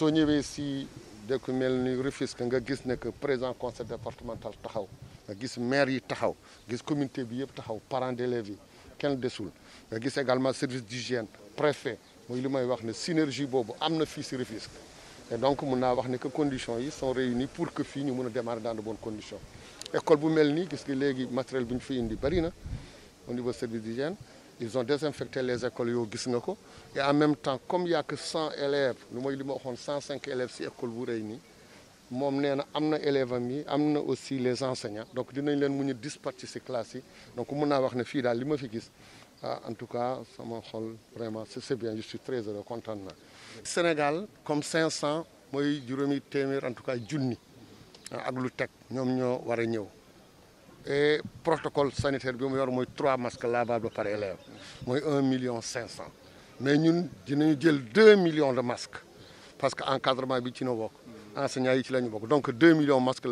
soo ñëwee si dëkk mel ni Rufisque nga gis ne que président conseil départemental taxaw gis maire yi taxaw gis communauté bi yëpp taxaw parents d'élèves yi kenn desul nga gis également service d'hygiène préfet muy li may wax ne synergie boobu am na fii si Rufisque et donc mun naa wax ne que conditions yi sont réunies pour que fii ñu mën a démarrer dans de bonnes conditions école bu mel nii gis nga léegi matériel bi ñu fi indi bari na au niveau service d'hygiène ils ont désinfecté les écoles yo gis ko et en même temps comme il y a que 100 élèves nous avons 105 élèves ci école bu rëy nii moom nee élèves am yi aussi les enseignants donc dinañ len muñu ñu dispatcher ci classe yi donc nous avons wax né fi daal li ma fi gis ah, en tout cas sama xol vraiment c'est bien je suis très heureux content Sénégal comme 500 moy juróomi témir en tout cas junni ah, ak lu teg ñoo wara et le protocole sanitaire bi y 3 masques lavables par élève moy 1 million mais nous, avons 2 millions de masques parce que encadrement bi ci no bok donc 2 millions de masques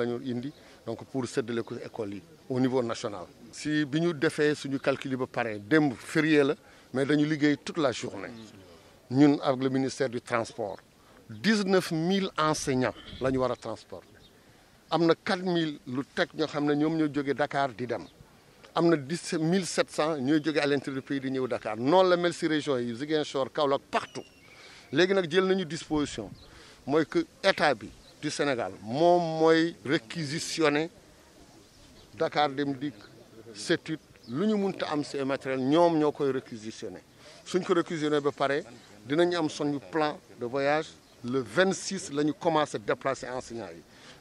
pour cette école au niveau national si nous faisons ce calcul pareil, paré dem férié la mais dañu liggéey toute la journée ñun avec le ministère du transport 19 000 enseignants lañu wara transport amna 4000 lu tek ñoo xamne ñom ñoom ñoo Dakar di dem amna na 17 1700 ñooy jógee à l'intérieur du pays di ñëw Dakar non la mel ci région yi Ziguinchor Kaolack partout légui nak jël nañu disposition moy que état bi du Sénégal mom moy réquisitionner Dakar Dem Dikk CETUD lu ñu mënta am ces matériel ñom ñokoy koy réquisitionner suñ ko réquisitionner ba paré dinañu am son plan de voyage le 26 nous commençons à déplacer enseignants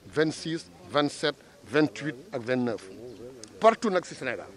26 27 28 et 29 partout dans ci Sénégal.